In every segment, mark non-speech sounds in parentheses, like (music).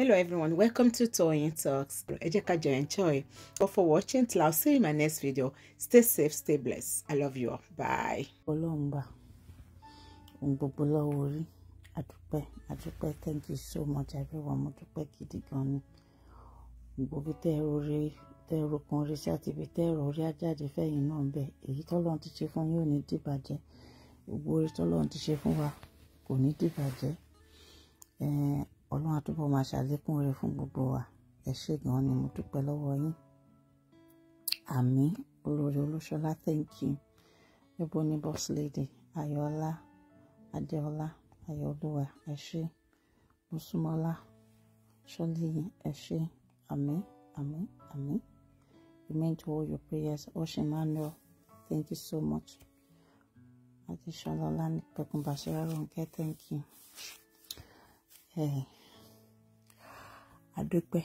Hello everyone, welcome to Toyeen Talks. Ẹ jẹ́ ká enjoy. But for watching till I'll see you in my next video. Stay safe, stay blessed. I love you all. Bye. Olomba. Ohun gbogbo lọ́wọ́ orí. Adúpẹ́, Thank you so much everyone. Adupe dúpẹ́ gidi gan ni. Gbogbo tẹ́ orí tẹ́ rokun orí sí àti ibi tẹ́ orí ajáde fẹ́yìn náà bẹ̀. Èyí tọ́lọ́run ti ṣe fún yóò ní dìbàjẹ́. Gbogbo orí tọ́lọ́run ti ṣe ọlọ́run àtúbọ̀ máa ṣàlékún rẹ̀ fún gbogbo wa ẹ ṣé gan ni mo dúpẹ́ lọ́wọ́ yín àmì olórí olóṣọlá thank you níbo ní boss lady ayọ̀ọ́lá adéọlá ayọ̀ọ́lúwa ẹ ṣé mùsùmọ́lá ṣọ́lẹ́yìn ẹ ṣé àmì àmì àmì you meant all your prayers ocean manuel thank you so much adéṣọlá ọlá ní pẹ̀kùn bàṣẹ́rọ̀ ronke thank you. Hey. adúpẹ́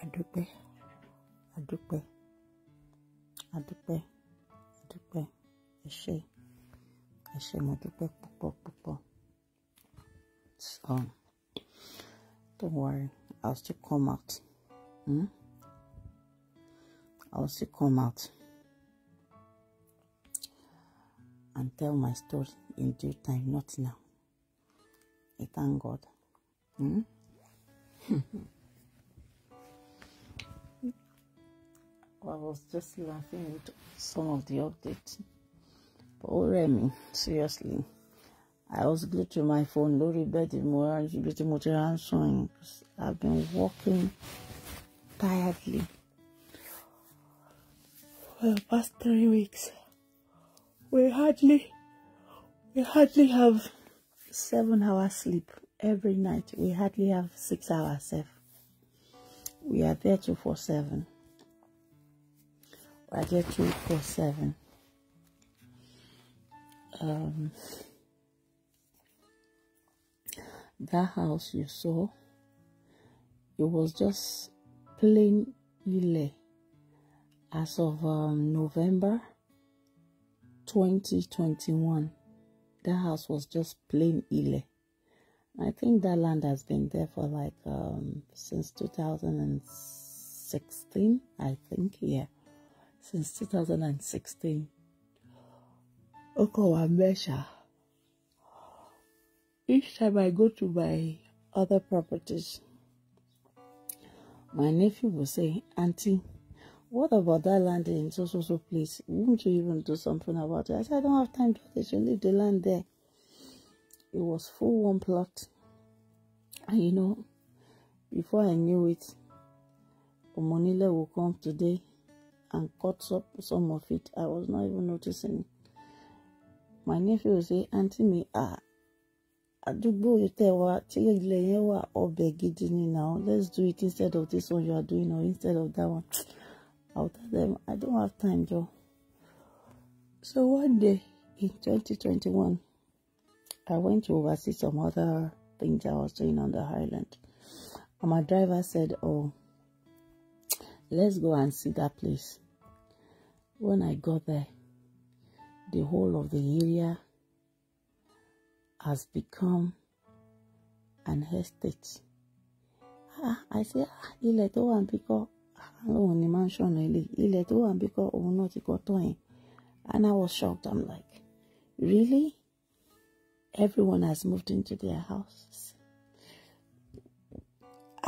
adúpẹ́ adúpẹ́ adúpẹ́ adúpẹ́ ẹ ṣé ẹ ṣé mo dúpẹ́ púpọ̀ púpọ̀ so don't worry I'll still come out hmm? I'll still come out and tell my story in due time not now I thank God hmm? (laughs) I was just laughing with some of the updates. Paul Remy, seriously. I was glued to my phone, Lori Betty Moran, glued to answering. I've been walking tiredly for the past three weeks. We hardly, we hardly have seven hours sleep every night. We hardly have six hours. Safe. We are there 24 7. I get two four seven. Um, that house you saw, it was just plain ile as of um, November 2021. That house was just plain ile. I think that land has been there for like um, since 2016, I think, yeah since 2016. Okowa measure. Each time I go to my other properties, my nephew will say, Auntie, what about that land in so so so place? Won't you even do something about it? I said, I don't have time to do this. You leave the land there. It was full one plot. And you know, before I knew it, Omonile will come today and cut up some of it. I was not even noticing. My nephew will say, Auntie me ah, àdúgbò you tell what? yẹn wà ọbẹ̀ gidi ni now let's do it instead of this one you are doing or instead of that one I will tell them I don't have time Joe. So one day in 2021 I went to oversee some other things I was doing on the island and my driver said oh Let's go and see that place. When I got there, the whole of the area has become an estate. Ah, I say, ah, ah, ilẹ̀ tó wà ń bí kọ́, òun mansion ilé, ilẹ̀ tó wà because bí kọ́, òun náà ti And I was shocked. I'm like, really? Everyone has moved into their houses.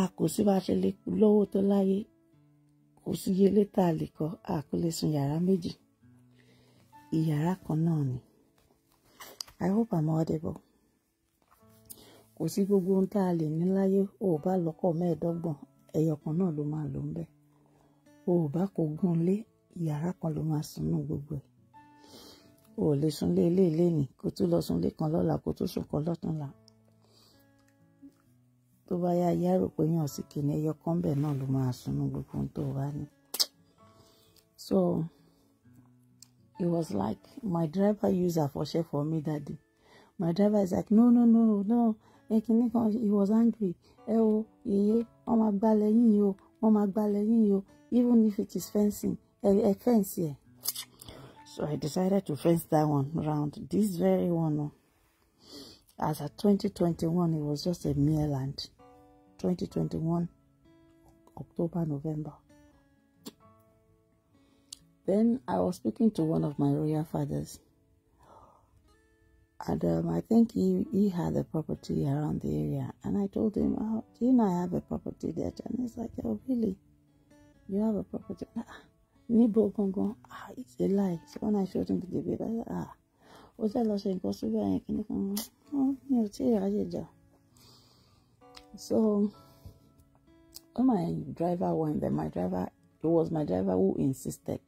I could see bá ṣe lè lówó tó kò síye létà lè kọ àkúlé sun yàrá méjì ìyàrá kan náà ni I hope I'm audible kò sí gbogbo ohun tá a lè ní láyé o ò bá lọ́kọ̀ mẹ́ẹ̀ẹ́dọ́gbọ̀n ẹyọ kan náà ló máa lò ń bẹ̀ o ò bá kó gún lé ìyàrá kan ló máa sùn nù gbogbo ẹ̀ ò lè sunlé ilé ilé nì kó tún lọ sunlé kan lọ́la kó tún sùn kan lọ́túnla tó bá yá ìyá rò pé yàn sí kìnìún ẹyọ kan bẹ̀ náà ló máa sunú gbogbo ohun tó wá ní. so it was like my driver used àfọ̀ṣẹ for me that day my driver is like no no no no ẹ kan he was angry ẹ o iye wọn máa gbalẹ̀ yín yìí o wọn máa gbalẹ̀ yín o even if it is fencing ẹ ẹ fence ẹ. So I decided to fence that one round. This very one, as at 2021, it was just a mere land. 2021, October, November. Then I was speaking to one of my royal fathers, and um, I think he, he had a property around the area. And I told him, oh, Do you know I have a property there? And he's like, Oh, really? You have a property? Ah, ah, Nibo Gongo, ah, it's a lie. So when I showed him the baby, I said, Ah, was that lost in Kosovo? Oh, you're So when my driver went there, my driver, it was my driver who insisted.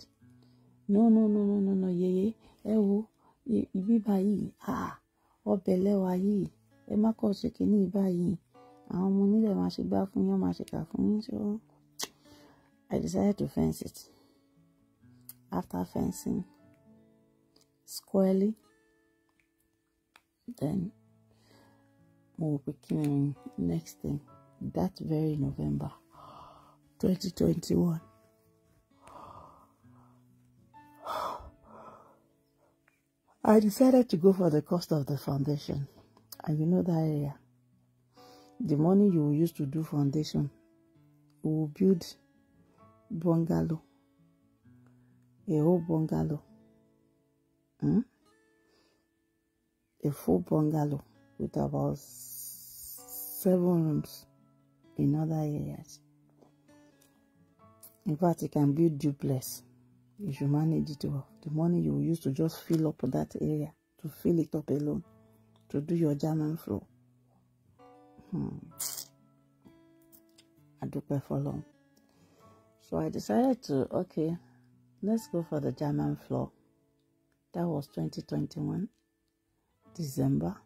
No, no, no, no, no, no, yeye, ẹ wo, ibi báyìí, ah, ọbẹ̀ lẹ́wà yìí, ẹ má kọ́ ṣe kínní báyìí, àwọn ọmọ onílẹ̀ máa ṣe gbá fún yín, máa your kà fún yín, so I decided to fence it. After fencing, squarely, then will be coming next thing that very November 2021. I decided to go for the cost of the foundation. And you know that area. The money you will use to do foundation, will build bungalow. A whole bungalow. Hmm? A full bungalow with about seven rooms in other areas. In fact, you can build duplex if you manage it well. The money you use to just fill up that area, to fill it up alone, to do your German flow. Hmm. I do for long. So I decided to, okay, let's go for the German floor. That was 2021, December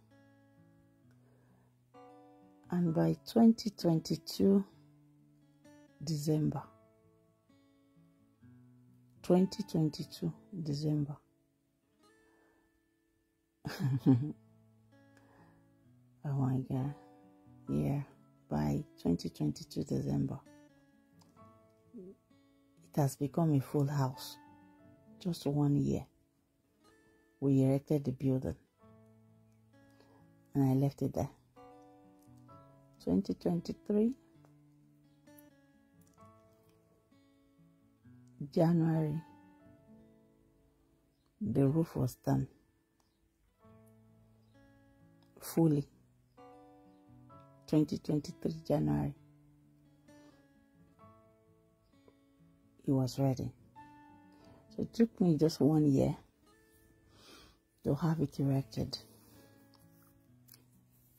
and by 2022 December 2022 December (laughs) oh my god yeah by 2022 December it has become a full house just one year we erected the building and I left it there 2023 January the roof was done fully 2023 January it was ready so it took me just one year to have it erected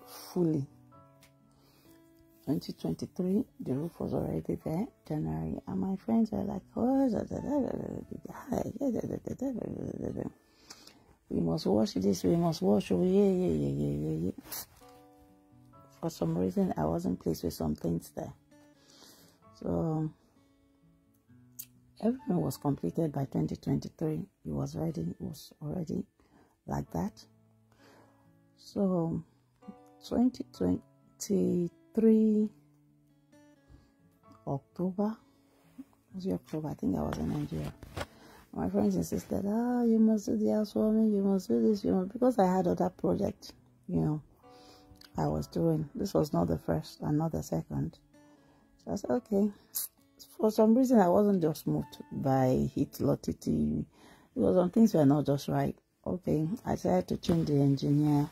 fully 2023 the roof was already there january and my friends were like oh we must wash this we must wash yeah yeah yeah yeah yeah yeah for some reason i wasn't pleased with some things there so everything was completed by 2023 it was ready it was already like that so 2023. 3 October. Was it October? I think I was in Nigeria. My friends insisted, ah, oh, you must do the housewarming, you must do this, you must, because I had other project, you know, I was doing. This was not the first and not the second. So I said, okay. For some reason, I wasn't just moved by Hit Lotiti because some things were not just right. Okay, I tried to change the engineer.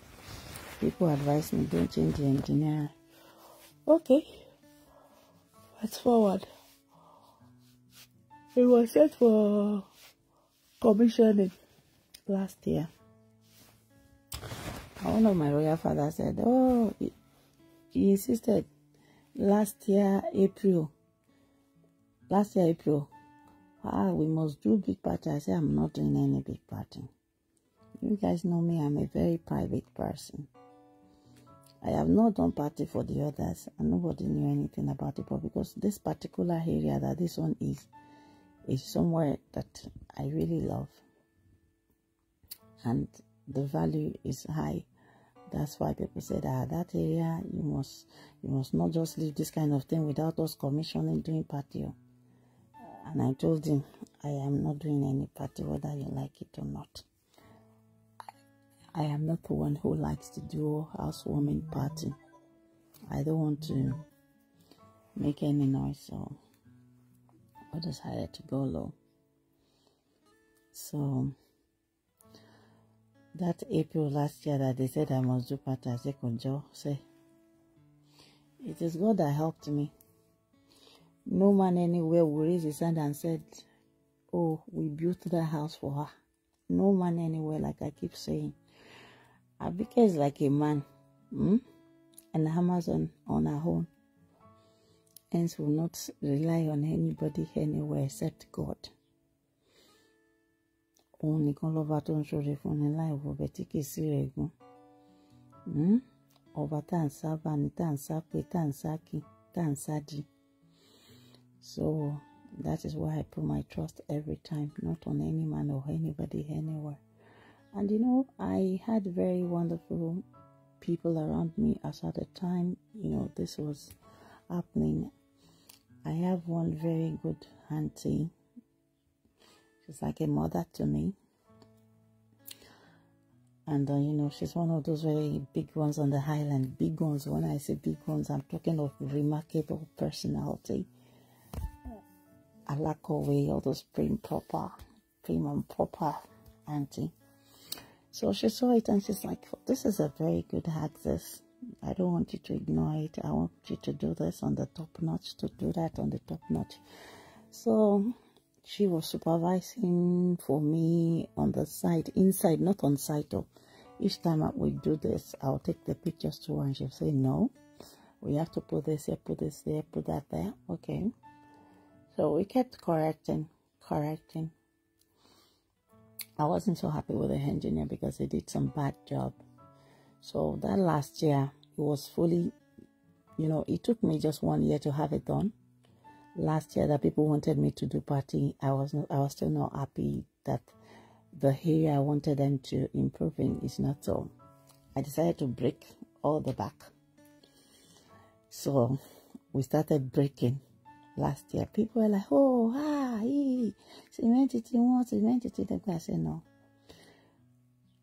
People advised me, don't change the engineer. Okay, fast forward. It was set for commissioning last year. One of my royal father said, Oh, he insisted last year, April. Last year, April. Ah, we must do big party. I said, I'm not doing any big party. You guys know me, I'm a very private person. I have not done party for the others, and nobody knew anything about it. But because this particular area that this one is, is somewhere that I really love, and the value is high. That's why people said, ah, that area you must you must not just leave this kind of thing without us commissioning doing party. And I told him, I am not doing any party whether you like it or not. I am not the one who likes to do housewarming party. I don't want to make any noise, so I decided to go low. So that April last year that they said I must do party, I said, conjo, say it is God that helped me. No man anywhere will raise his hand and said, Oh, we built that house for her. No man anywhere, like I keep saying. Abike is like a man hmm? and Amazon on, her own. Hence will not rely on anybody anywhere except God. Only nìkan lọ́ba tó ń ṣoore fúnni láì wo ọbẹ̀ tí kì í sí rẹ̀ gún hmm, pé kí di so that is why I put my trust every time not on any man or anybody anywhere. And you know, I had very wonderful people around me as at the time, you know, this was happening. I have one very good auntie. She's like a mother to me. And uh, you know, she's one of those very big ones on the Highland. Big ones. When I say big ones, I'm talking of remarkable personality. like all those prim proper, prim and proper auntie. So she saw it and she's like, This is a very good hack. This I don't want you to ignore it. I want you to do this on the top notch, to do that on the top notch. So she was supervising for me on the side, inside, not on site. Though. Each time we do this, I'll take the pictures to her and she'll say, No, we have to put this here, put this there, put that there. Okay. So we kept correcting, correcting, I wasn't so happy with the engineer because he did some bad job. So that last year, it was fully, you know, it took me just one year to have it done. Last year, that people wanted me to do party, I was not, I was still not happy that the area I wanted them to improve in is not so. I decided to break all the back. So we started breaking last year. People were like, oh, ah, ee, cementity wants cementity. The guy said, no.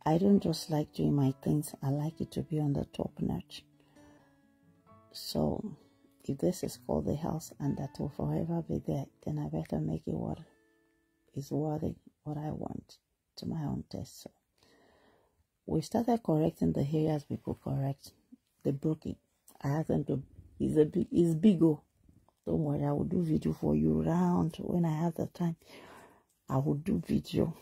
I don't just like doing my things. I like it to be on the top notch. So if this is called the house and that will forever be there, then I better make it what is worthy, what I want to my own taste. So we started correcting the as people correct. They broke it. I had them to, it's, a, it's big, oh. Don't worry, I will do video for you round when I have the time. I will do video.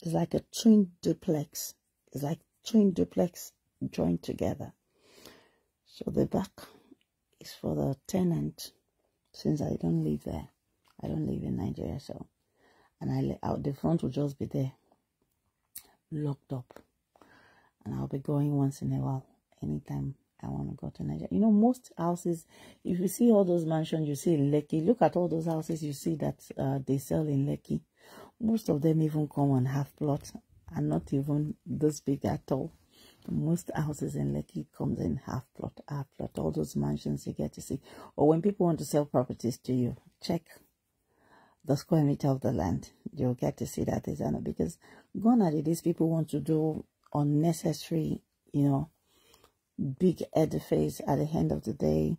It's like a twin duplex. It's like twin duplex joined together. So the back is for the tenant since I don't live there. I don't live in Nigeria, so and I out the front will just be there, locked up, and I'll be going once in a while, anytime I want to go to Nigeria. You know, most houses, if you see all those mansions, you see in Lekki. Look at all those houses you see that uh, they sell in Lekki. Most of them even come on half plots and not even this big at all. Most houses in Lekki comes in half plot, half plot. All those mansions you get to see. Or when people want to sell properties to you, check the square meter of the land. You'll get to see that is because gone are these people want to do unnecessary, you know, big edifice at the end of the day.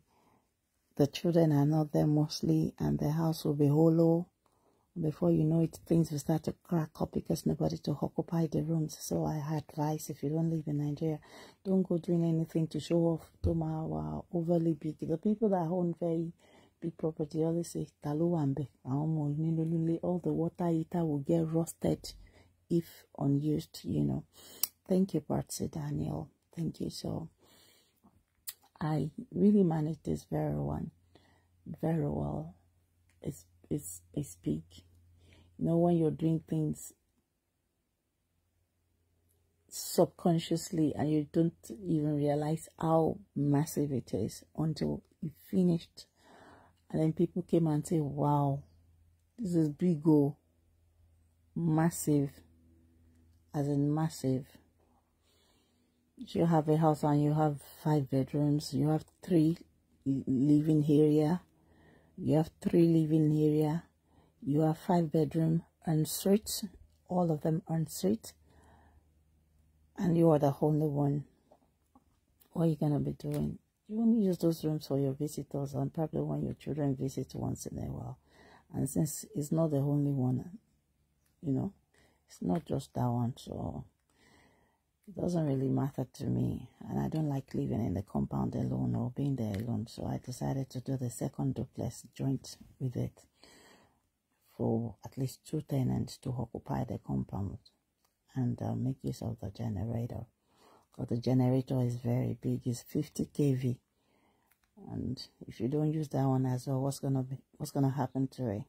The children are not there mostly, and the house will be hollow. Before you know it, things will start to crack up because nobody to occupy the rooms. So I advise if you don't live in Nigeria, don't go doing anything to show off. not are overly big. The people that own very big property always say taluambe. All the water heater will get rusted if unused, you know. Thank you, Patsy Daniel. Thank you so I really manage this very one very well. It's it's it's big. You know when you're doing things subconsciously and you don't even realize how massive it is until you finished and then people came and say wow this is big oh massive as in massive you have a house and you have five bedrooms, you have three living area, you have three living area, you have five bedroom and suite, all of them on suite, and you are the only one. What are you gonna be doing? You only use those rooms for your visitors and probably when your children visit once in a while. And since it's not the only one, you know, it's not just that one, so it doesn't really matter to me and i don't like living in the compound alone or being there alone so i decided to do the second duplex joint with it for at least two tenants to occupy the compound and uh, make use of the generator because the generator is very big it's 50 kv and if you don't use that one as well what's gonna be what's gonna happen to it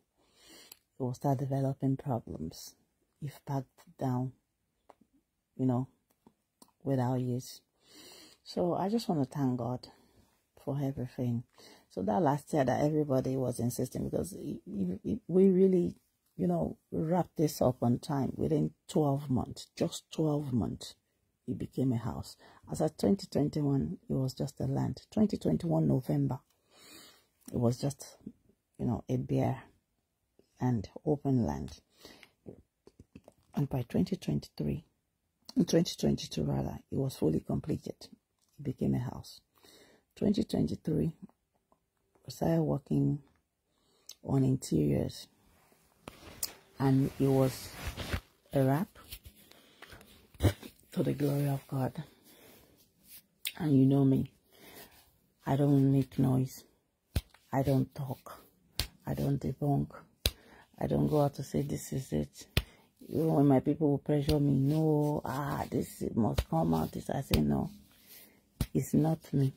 it will start developing problems if packed down you know without it. So I just want to thank God for everything. So that last year that everybody was insisting because we really, you know, wrapped this up on time within 12 months, just 12 months. It became a house. As at 2021, it was just a land. 2021 November, it was just, you know, a bare and open land. And by 2023, in 2022 rather, it was fully completed. It became a house. 2023, I started working on interiors and it was a wrap to the glory of God. And you know me, I don't make noise. I don't talk. I don't debunk. I don't go out to say this is it when my people will pressure me, no, ah, this must come out. This I say no, it's not me.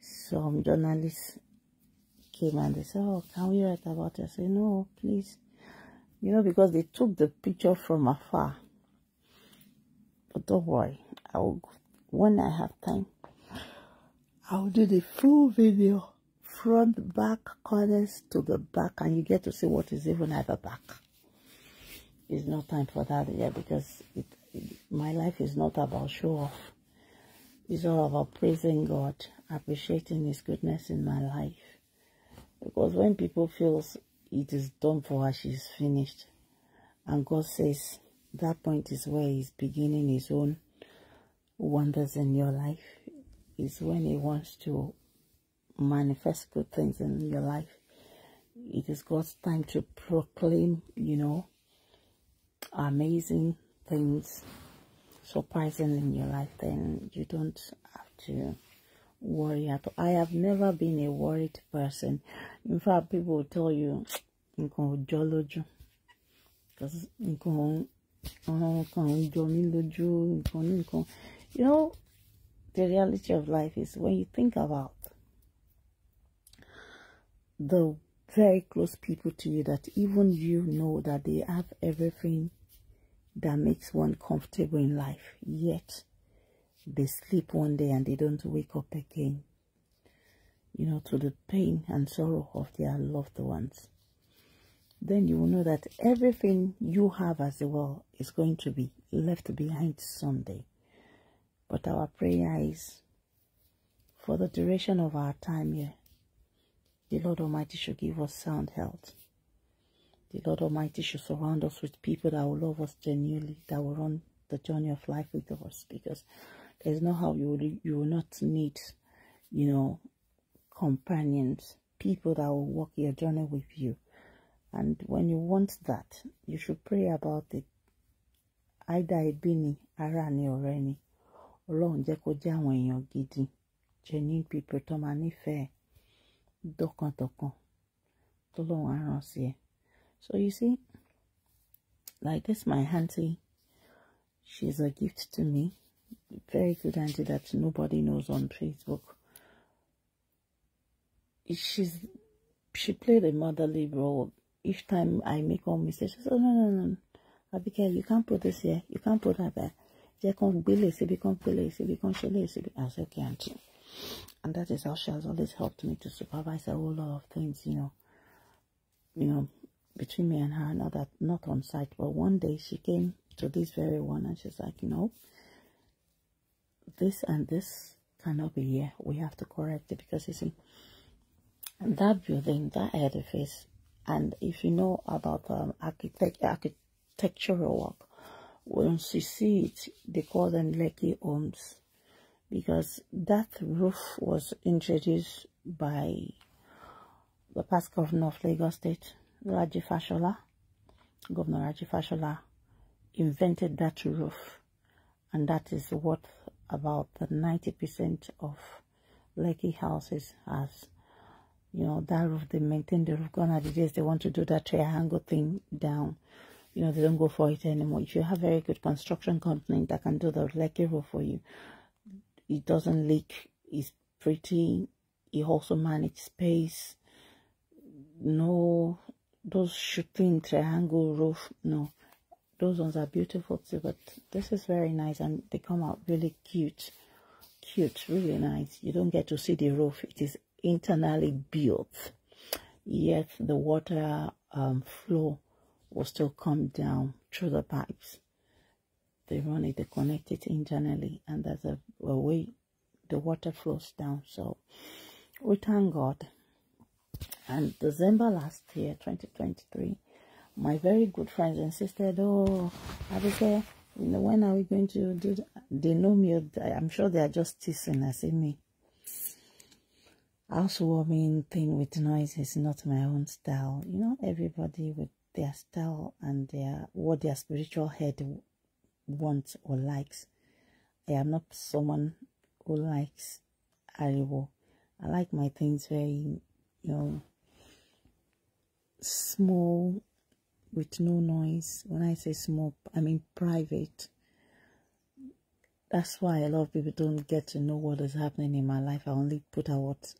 Some journalists came and they said, oh, can we write about it? I say no, please. You know, because they took the picture from afar. But don't worry, I will. When I have time, I will do the full video, front, back, corners to the back, and you get to see what is even at the back it's not time for that yet because it, it, my life is not about show off it's all about praising god appreciating his goodness in my life because when people feels it is done for her she's finished and god says that point is where he's beginning his own wonders in your life It's when he wants to manifest good things in your life it is god's time to proclaim you know amazing things, surprising in your life, then you don't have to worry at all. I have never been a worried person. In fact, people will tell you, you know, the reality of life is when you think about the very close people to you that even you know that they have everything that makes one comfortable in life. Yet, they sleep one day and they don't wake up again. You know, to the pain and sorrow of their loved ones. Then you will know that everything you have as well is going to be left behind someday. But our prayer is for the duration of our time here, the Lord Almighty should give us sound health the Lord Almighty should surround us with people that will love us genuinely, that will run the journey of life with us, because there's no how you will, you will not need, you know, companions, people that will walk your journey with you. And when you want that, you should pray about it. Either it be arani ara ni, ọ̀rẹ́ ni. Ọlọ́run jẹ́ gidi. Genuine people tó máa Dokon dọ́kàntọ̀kàn. tolong á so you see, like this, my auntie, she's a gift to me. Very good auntie that nobody knows on Facebook. She's she played a motherly role. Each time I make one mistake, she says, "Oh no no no, Abigail, you can't put this here. You can't put that there." Jẹ́ kán gbélé síbi kán pélé síbi kán ṣe lé síbi. I said, "Okay, auntie." And that is how she has always helped me to supervise a whole lot of things, you know. You know, between me and her, I know that not on site, but one day she came to this very one and she's like, you know, this and this cannot be here. We have to correct it because you see, that building, that edifice, and if you know about um, architect, architectural work, once you see it, they call them Lekki homes because that roof was introduced by the Pascal of North Lagos State Raji Fashola, Governor Raji Fashola, invented that roof. And that is what about 90% of Leki houses has. You know, that roof, they maintain the roof. Gone are the days they want to do that triangle thing down. You know, they don't go for it anymore. If you have a very good construction company that can do the Leki roof for you, it doesn't leak. It's pretty. It also manages space. No those shooting triangle roof no those ones are beautiful too but this is very nice and they come out really cute cute really nice you don't get to see the roof it is internally built yet the water um, flow will still come down through the pipes they run it they connect it internally and there's a, a way the water flows down so we thank god and December last year, 2023, my very good friends insisted, oh, Abigail, you know, when are we going to do that? They know me. I'm sure they are just teasing us in me. Housewarming thing with noise is not my own style. You know, everybody with their style and their what their spiritual head wants or likes. I am not someone who likes Ariwo. I like my things very you know, small with no noise. When I say small, I mean private. That's why a lot of people don't get to know what is happening in my life. I only put out what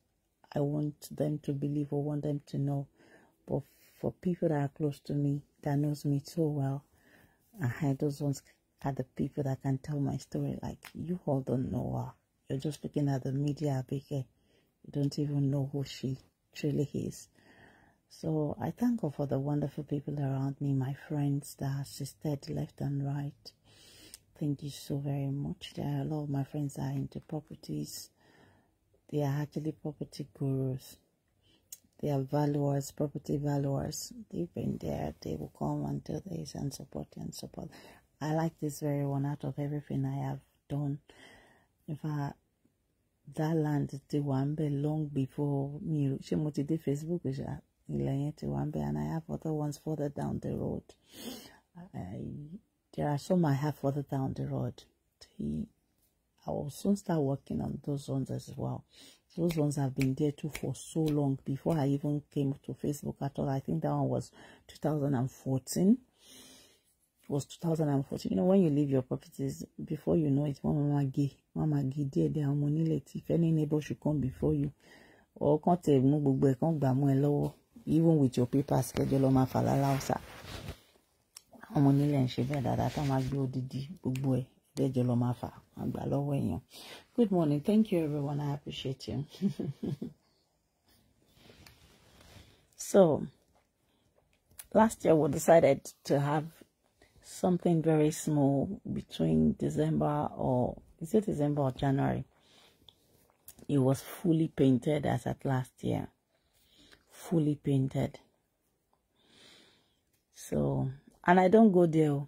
I want them to believe or want them to know. But for people that are close to me, that knows me so well, I had those ones are the people that can tell my story. Like, you all don't know her. You're just looking at the media, Abike. You don't even know who she truly His. So I thank God for the wonderful people around me, my friends that assisted left and right. Thank you so very much. There are a lot of my friends are into properties. They are actually property gurus. They are valuers, property valuers. They've been there. They will come until do this and support and support. I like this very one out of everything I have done. In fact that land to one bẹ̀ long before me. She moved to Facebook ṣá and I have other ones further down the road I, there are some I have further down the road I will soon start working on those ones as well those ones have been there too for so long before I even came to Facebook at all I think that one was 2014 was 2014 you know when you leave your properties before you know it mama gay mama gay díẹ̀ díẹ̀ àwọn onílẹ̀ if any neighbor should come before you or kàn tẹ̀ mú gbogbo ẹ̀ even with your paper schedule, lọ máa fà lálá ọ̀sà àwọn onílẹ̀ ń ṣe bẹ́ẹ̀ dáadáa tó máa gbé odidi gbogbo ẹ̀ dẹ́jọ lọ máa fà àgbà lọ́wọ́ good morning thank you everyone i appreciate you (laughs) so last year we decided to have something very small between December or is it December or January? It was fully painted as at last year. Fully painted. So, and I don't go there.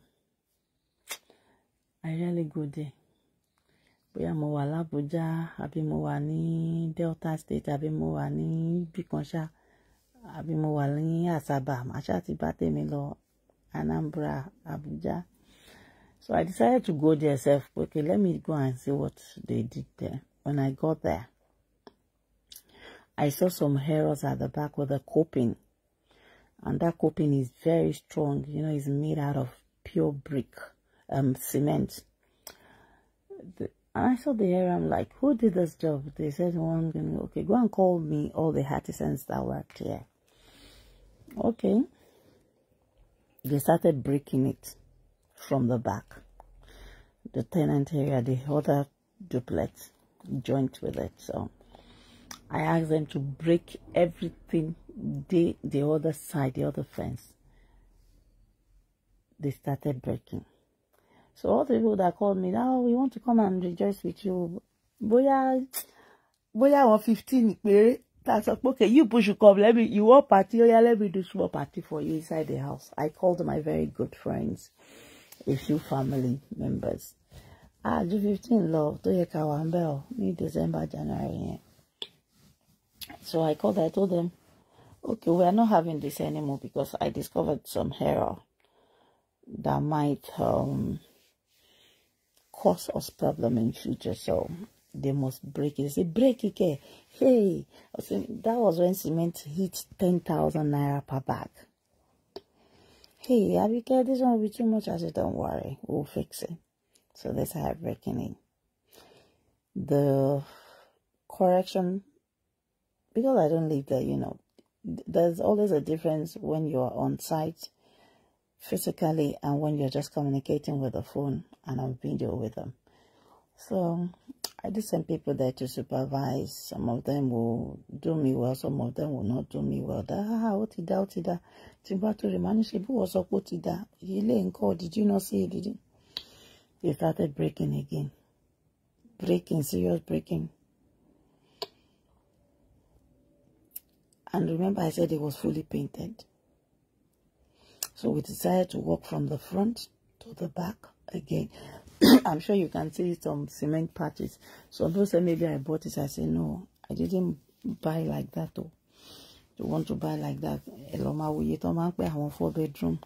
I really go there. bóyá mo wà lábújá àbí mo wà ní delta state àbí mo wà ní bìkanṣá àbí mo wà ní àsàbà màṣá ti bá tèmi lọ Anambra, Abuja. So I decided to go there self. Okay, let me go and see what they did there. When I got there, I saw some heroes at the back with a coping. And that coping is very strong. You know, it's made out of pure brick, um, cement. The, and I saw the hair. I'm like, who did this job? They said, one, well, okay, go and call me all the artisans that worked here. Okay they started breaking it from the back. The tenant area, the other duplex joint with it. So I asked them to break everything the the other side, the other fence. They started breaking. So all the people that called me, now oh, we want to come and rejoice with you. Boya, boya, one fifteen, that's okay, you push, you come. Let me, you want party? Oh yeah, let me do small party for you inside the house. I called my very good friends, a few family members. Ah, do 15 love, to your Kawambel, me December, January. So I called, I told them, okay, we are not having this anymore because I discovered some error that might um, cause us problem in future. So they must break it. They say, break it, okay? Hey, that was when cement hit 10,000 naira per bag. Hey, Abike, this one will be too much. I said, don't worry, we'll fix it. So that's how i reckoning. The correction, because I don't live there, you know, there's always a difference when you're on site physically and when you're just communicating with the phone and on video with them. So I do send people there to supervise. Some of them will do me well, some of them will not do me well. Ah, ó ti dá, ó ti dá. Tí n bá tó rí màá ní ṣe bí wọ́n sọ pé ó ti to ri maa ni se did you not see it? Did you? They started breaking again. Breaking, serious breaking. And remember I said it was fully painted. So we decided to walk from the front to the back again. (coughs) I'm sure you can see some cement patches. Some people say maybe I bought it. I say no, I didn't buy like that though. You want to buy like that? Ẹ lọ máa wòye tó máa ń four bedroom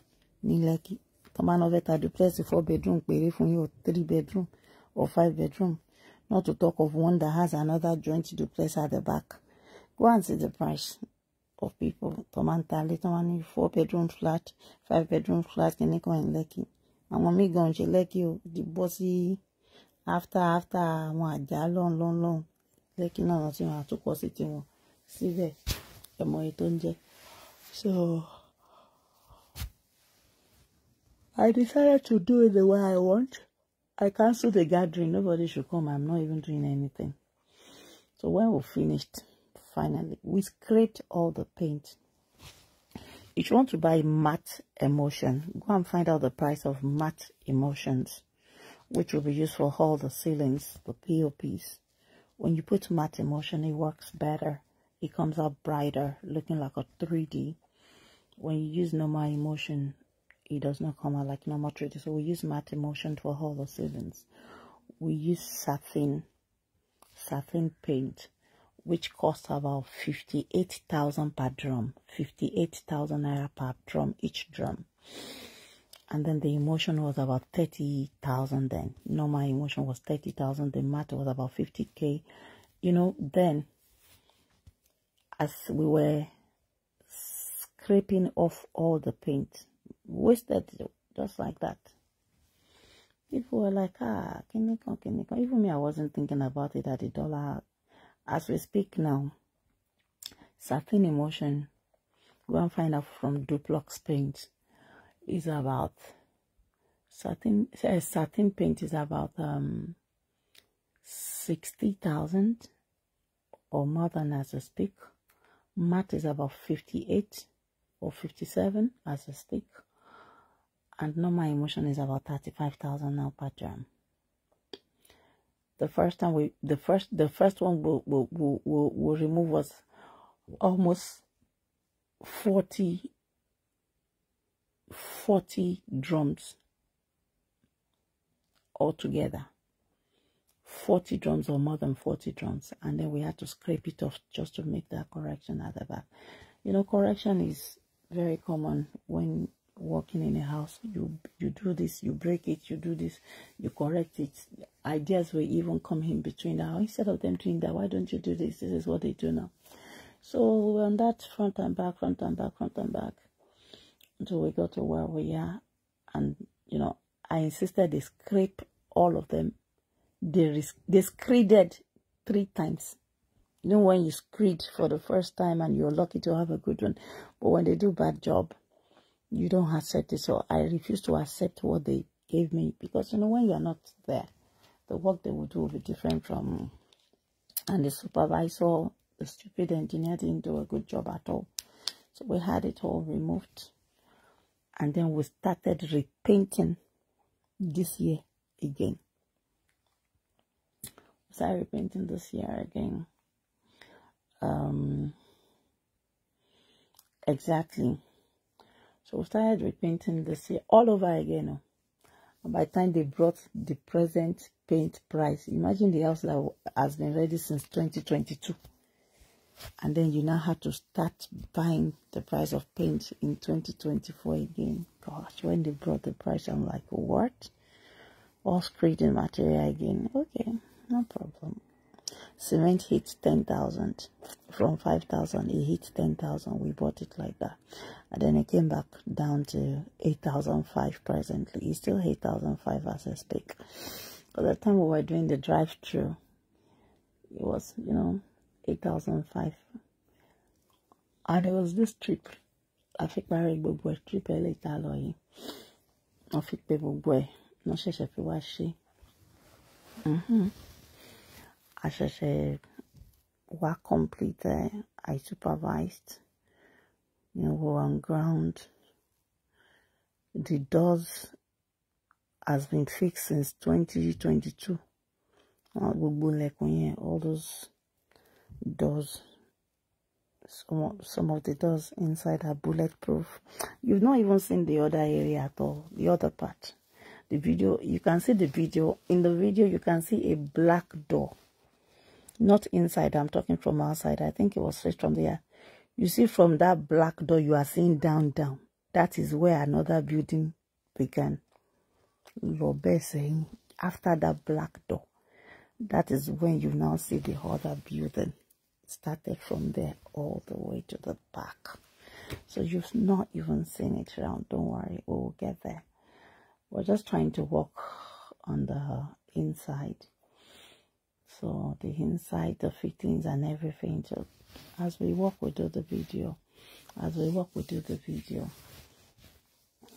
ní Lẹ́kì. Tó máa ń lọ fẹ́ duplex four bedroom péré fún yín or three bedroom or five bedroom. Not to talk of one that has another joint duplex at the back. Go and see the price of people. Tó máa ń ta four bedroom flat, five bedroom flat kìíní kan ní Lẹ́kì àwọn míì gan ṣe lẹ́kì ó ti bọ́ sí after after àwọn àjà lọ́n lọ́n lọ́n lẹ́kì náà rántí wọn àtúkọ̀ sí tiwọn síbẹ̀ ẹ̀mọ́ èyí tó ń jẹ́ so I decided to do it the way I want. I cancel the gathering. Nobody should come. I'm not even doing anything. So when we finished, finally, we scraped all the paint. If you want to buy matte emulsion, go and find out the price of matte emulsions, which will be used for all the ceilings, the POPs. When you put matte emulsion, it works better. It comes out brighter, looking like a 3D. When you use normal emulsion, it does not come out like normal 3D. So we use matte emulsion for all the ceilings. We use satin, satin paint which cost about 58,000 per drum, 58,000 naira per drum, each drum. And then the emotion was about 30,000 then. Normal emotion was 30,000, the matter was about 50k. You know, then, as we were scraping off all the paint, wasted just like that. People were like, ah, can you come, can you come? Even me, I wasn't thinking about it at the dollar as we speak now, certain Emotion, go and find out from Duplex Paint, is about certain, eh, certain paint is about um, 60,000 or more than as I speak. Matte is about 58 or 57 as I speak. And normal emotion is about 35,000 now per gram. The first time we, the first, the first one will we, we, we remove us almost 40, 40 drums altogether. 40 drums or more than 40 drums and then we had to scrape it off just to make that correction at the back you know correction is very common when working in a house you you do this you break it you do this you correct it ideas will even come in between now instead of them doing that why don't you do this this is what they do now so on that front and back front and back front and back until we got to where we are and you know i insisted they scrape all of them they, they screeded three times you know when you screed for the first time and you're lucky to have a good one but when they do bad job you don't accept it. So I refuse to accept what they gave me because, you know, when you're not there, the work they will do will be different from, and the supervisor, the stupid engineer didn't do a good job at all. So we had it all removed. And then we started repainting this year again. We started repainting this year again. Um, exactly so we started repainting this year all over again. Oh, by the time they brought the present paint price, imagine the house that has been ready since 2022. And then you now have to start buying the price of paint in 2024 again. Gosh, when they brought the price, I'm like, what? All screening material again. Okay, no problem cement hit 10,000 from 5,000 it hit 10,000 we bought it like that and then it came back down to 8,005 presently it's still 8,005 as I speak at the time we were doing the drive through it was you know 8,005 and it was this trip I think my gbogbo trip ẹ lè I think people boy fi pé gbogbo ẹ̀ wọ́n ṣẹ̀ṣẹ̀ as said, work completed. I supervised, you know, were on ground. The doors has been fixed since 2022. All those doors, some, some of the doors inside are bulletproof. You've not even seen the other area at all, the other part. The video, you can see the video. In the video, you can see a black door. Not inside, I'm talking from outside. I think it was straight from there. You see from that black door you are seeing down, down. That is where another building began. Robert saying, after that black door, that is when you now see the other building. Started from there all the way to the back. So you've not even seen it around. Don't worry, we'll get there. We're just trying to walk on the inside so the inside the fittings and everything so as we walk we do the video as we walk we do the video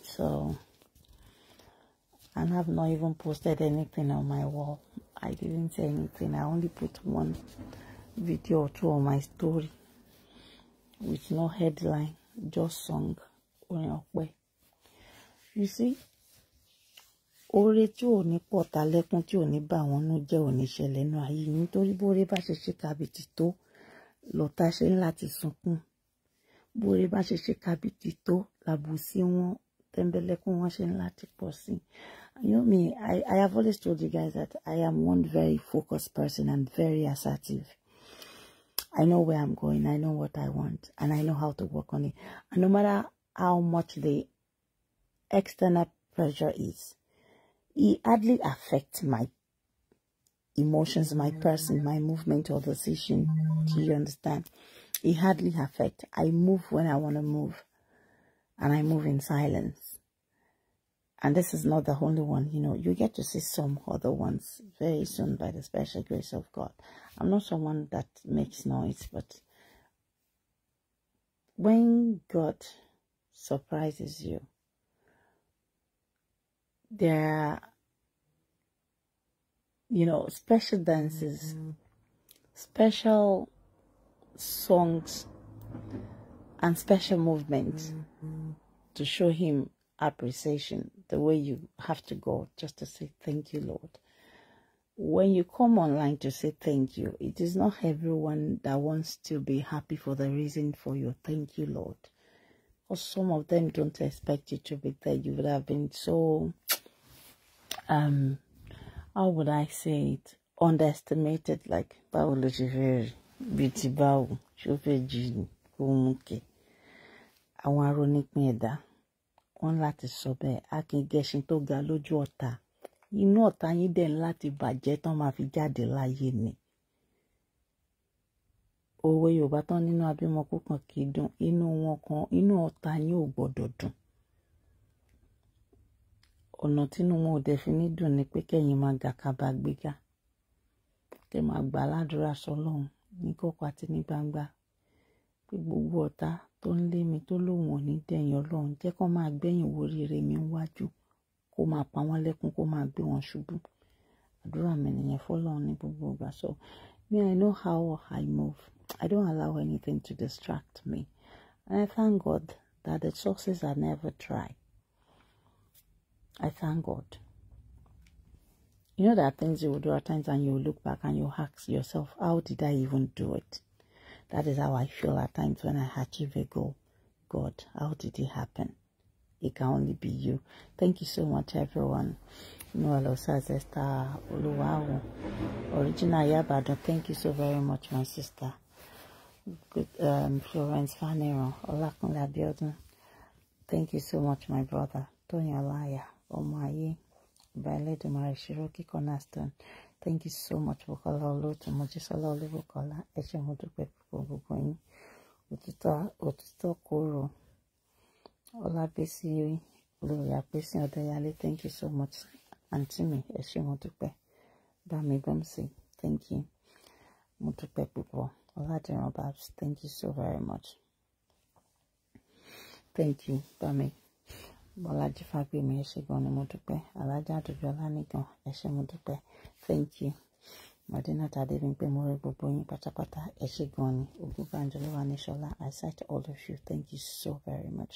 so and i've not even posted anything on my wall i didn't say anything i only put one video or two on my story with no headline just song you see oore tí ò ní pọ̀ ta lẹ́kún tí ò ní bà wọ́n nú jẹ́ òní ṣẹlẹ̀ nù ayé nítorí bóore bá ṣe ṣe kàbìtì tó lọ́tà ṣe ń láti sunkún bóore bá ṣe ṣe kàbìtì tó làbùsí wọn tẹ́ńbẹ́lẹ́kún wọn ṣe ń láti pọ̀ sí you know me I, I have always told you guys that I am one very focused person and very assertive I know where I'm going I know what I want and I know how to work on it and no matter how much the external pressure is It hardly affect my emotions, my person, my movement or decision. Do you understand? It hardly affect. I move when I want to move. And I move in silence. And this is not the only one. You know, you get to see some other ones very soon by the special grace of God. I'm not someone that makes noise, but when God surprises you, their you know special dances mm. special songs and special movements mm-hmm. to show him appreciation the way you have to go just to say thank you lord when you come online to say thank you it is not everyone that wants to be happy for the reason for your thank you lord or some of them don't expect you to be there. You would have been so, um, how would I say it? Underestimated, like, báwo ló ṣe fẹ́ rí bíi ti wọn láti sọ bẹ́ẹ̀ akíngẹṣin tó ga lójú ọ̀tá inú ọ̀tá yín dẹ̀ ń láti bàjẹ́ tán máa fi jáde láyé ni òwe yorùbá tán nínú abímọkú kan kì í dùn inú wọn kan inú ọ̀tá yín ò gbọ́dọ̀ dùn ọ̀nà tínú wọn ò dẹ̀ fi ní dùn ni pé kẹ́yìn máa gàkàbà gbéga kẹ́ máa gbà ládùúrà sọlọ́run ní kọ̀kọ̀ àti ní gbangba pé gbogbo ọ̀tá tó ń lé mi tó lóun ò ní dẹ̀yìn ọlọ́run jẹ́ kó máa gbẹ̀yìn wo rere mi wájú kó máa pa wọ́n lẹ́kún kó máa gbé wọn ṣubú àdúrà mi nìyẹn fọlọ́run ní gbogbo ìgbà sọ me i know how i move I don't allow anything to distract me. And I thank God that the sources are never dry. I thank God. You know, there are things you will do at times and you look back and you ask yourself, how did I even do it? That is how I feel at times when I achieve a goal. God, how did it happen? It can only be you. Thank you so much, everyone. Original Yabado. Thank you so very much, my sister good um, Florence Fanero Olakunle Abiodun. Thank you so much, my brother. Tony Alaya Omayi Bailedumare Shiroki Cornerstone. Thank you so much, Bukola Olotun. Mojisola Olubukola. Ẹ Thank you so much. Àǹtí mi, Thank you. Well, General Babs, thank you so very much. Thank you, Tommy. Bọ́lájí Fágbèmí ẹ ṣé gan ni mo dúpẹ́ Alájà Àdójú Ọlánìgan ẹ ṣé thank you Madina, Adébímpé mo rí gbogbo yín pátápátá ẹ ṣé gan ni Ògúnbànjọ Olúwaníṣọlá I cite all of you thank you so very much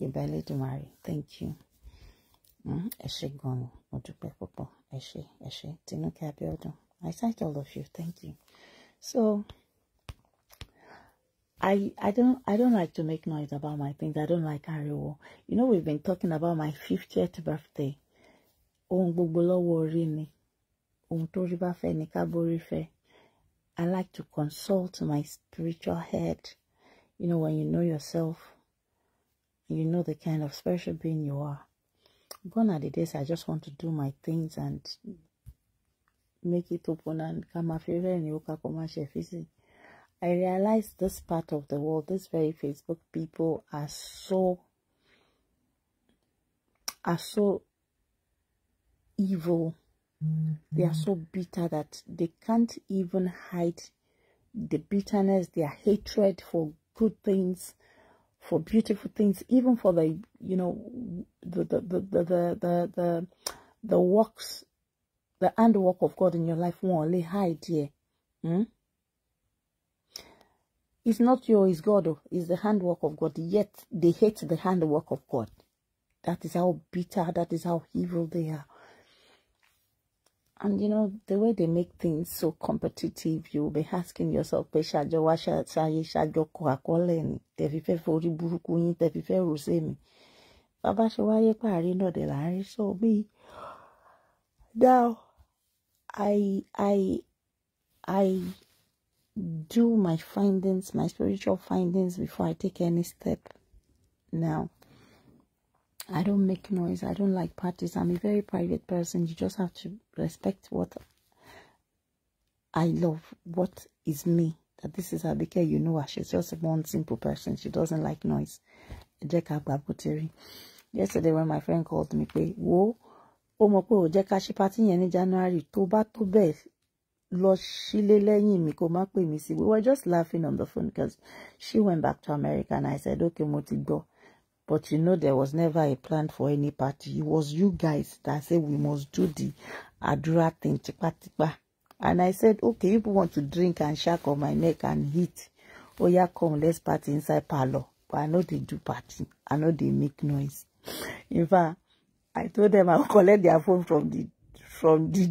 Yorùbá Elédùmarè thank you mm-hmm. ẹ ṣé gan ni mo dúpẹ́ púpọ̀ ẹ ṣé ẹ I cite all of you thank you so. I, I don't I don't like to make noise about my things. I don't like ariwo. You know we've been talking about my 50th birthday. ni. fẹ́ fẹ́. I like to consult my spiritual head. You know when you know yourself, you know the kind of special being you are. Gone are the days I just want to do my things and make it open and come máa fi I realize this part of the world, this very Facebook people are so are so evil. Mm-hmm. They are so mm-hmm. bitter that they can't even hide the bitterness, their hatred for good things, for beautiful things, even for the you know the the the the the the, the, the works, the handwork of God in your life. Won't hide here. Hmm? It's not your, it's God. Oh, it's the handwork of God. Yet they hate the handwork of God. That is how bitter, that is how evil they are. And you know, the way they make things so competitive, you'll be asking yourself, pé ṣàjọ wá ṣàyè ṣàjọ kọ Bàbá dẹ̀ sọ bí. Now, I, I, I do my findings, my spiritual findings before I take any step now. I don't make noise. I don't like parties. I'm a very private person. You just have to respect what I love, what is me. That this is Abike, you know her. She's just one simple person. She doesn't like noise. Yesterday when my friend called me, pé, "Who? o mọ̀ pé party yẹn January tó bá tó lọ chilele lẹ́yìn mi kó we were just laughing on the phone because she went back to America and I said okay moti go." but you know there was never a plan for any party it was you guys that said we must do the àdúrà thing and I said okay if you want to drink and shake on my neck and hit oh yeah, come let's party inside parlour but I know they do party I know they make noise in fact I told them I will collect their phone from the from (laughs) the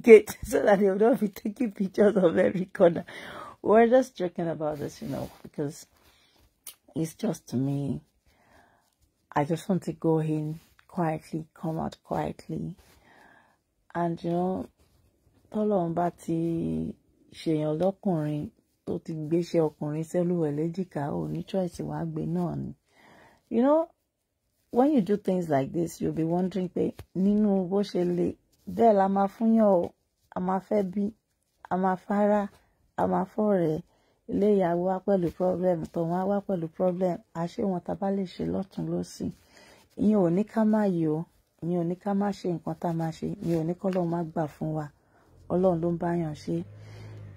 gate so that they would not be taking pictures of every corner. We're just joking about this, you know, because it's just to me. I just want to go in quietly, come out quietly. And, you know, mbati she ti ṣèyàn lọ́kùnrin tó ti gbéṣẹ́ ọkùnrin sẹ́lúwẹ̀ léjìká ò ní choice wàá gbé You know, when you do things like this, you'll be wondering pé nínú bó le bẹ́ẹ̀ la máa fúnyàn o a máa fẹ́ bí a máa fara a máa fọ̀rẹ́ ilé ìyàwó wá pẹ̀lú problem tọ̀hún á wá pẹ̀lú problem àṣé wọn tá a bá lè ṣe lọ́tún lọ́sìn ìyẹn ò ní ká má yìí o ìyẹn ò ní ká má ṣe nǹkan tá a máa ṣe ìyẹn ò ní kọ́ lọ́run má gbà fún wa ọlọ́run ló ń bá yàn ṣe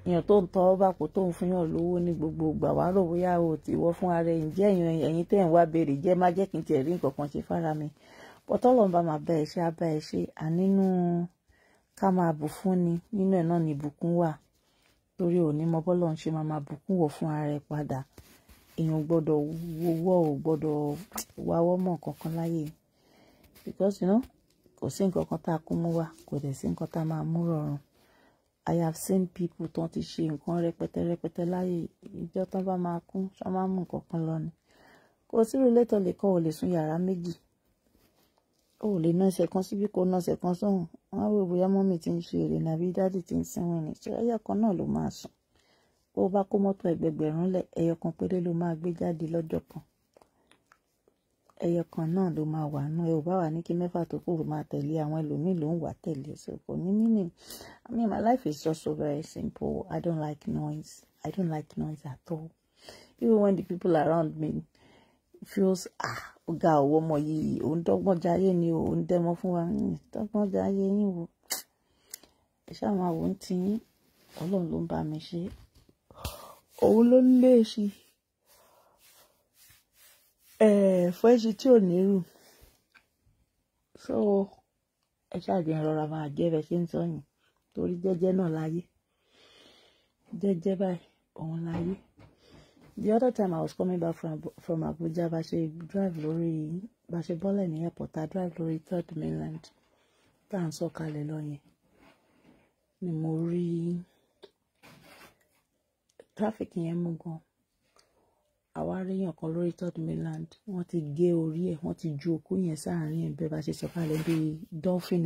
èèyàn tó ń tọ́ bá kó tó fún yàn lówó ní gbogbo ìgbà wàá rò bóyá o ti wọ́ fún ara ẹ̀yìn jẹ́ ẹ̀yìn ẹ̀yìn wá béèrè jẹ́ má jẹ́ kí n tiẹ̀ rí nǹkan kan ṣe fára mi pọ̀tọ́lọ̀ ń bá máa bẹ́ ẹ ṣe abẹ́ ẹ ṣe ànínú ká máa bù fún ni nínú ẹ̀ náà ni ìbùkún wà torí òní mọ bọ́lọ̀ ń ṣe máa máa bùkún wọ̀ fún ara ẹ̀ padà èèyàn gbọ́dọ̀ wọ́wọ́ ò gbọ́dọ̀ wáwọ́ mọ̀ kankan láyè because you know kò sí nǹkan kan tá a kú mú wá kò dẹ̀ sí nǹkan tá a máa mú rọrùn I have seen people tán ti ṣe nǹkan rẹpẹtẹ rẹpẹtẹ láyè ìjọ tán bá máa kú ṣá máa mú nǹkan kan lọ ni kò sí relé lè kọ́ ò lè sùn yàrá méjì ó lè ná ẹsẹ̀ kan síbi kó ná ẹsẹ̀ kan sóhun wọn á wò bóyá mọ́mì ti ń ṣe èrè nàbí dádì ti ń sinwìn ní ṣẹ́yà kan náà ló máa sùn bó o bá kó mọ́tò ẹgbẹgbẹ̀rún lẹ̀ ẹyọ kan péré ló máa gbé jáde lọ́jọ́ kan ẹyọ kan náà ló máa wà nù ẹ ò bá wà ní kí mẹ́fà tó kù máa tẹ̀lé àwọn ẹlòmíì ló ń wà tẹ̀lé ẹsẹ̀ kò ní nínú I mean my life is just so very simple I don't like noise I don't like noise at all even when the people around me feels ah ọ̀gá ọwọ ọmọ yìí òun dọ́gbọ́n jayé ni òun dẹmọ fún wa dọ́gbọ́n hmm, jayé yín wo ẹ ṣáà máa wò ó ti yín Ọlọ́run ló ń bá mi ṣe òun ló lé sí fún ẹṣin tí ò nírù so ẹ ṣáà jẹ́ rọra máa jẹ́ bẹ ṣe ń sọ yìí torí jẹ́jẹ́ náà láyé jẹ́jẹ́ báyìí òun láyé the other time I was coming back from from Abuja bá ṣe drive lorry, bá ṣe bọ́lẹ̀ ní airport I drive lorry third mainland tá à ń sọ̀kalẹ̀ lọ yẹn ni mo traffic in mú I àwa ríyàn kan lorry third mainland What ti gé orí ẹ̀ wọ́n ti ju òkú yẹn sáàárín ẹ̀ bẹ́ẹ̀ bá ṣe sọ̀kalẹ̀ bíi dolphin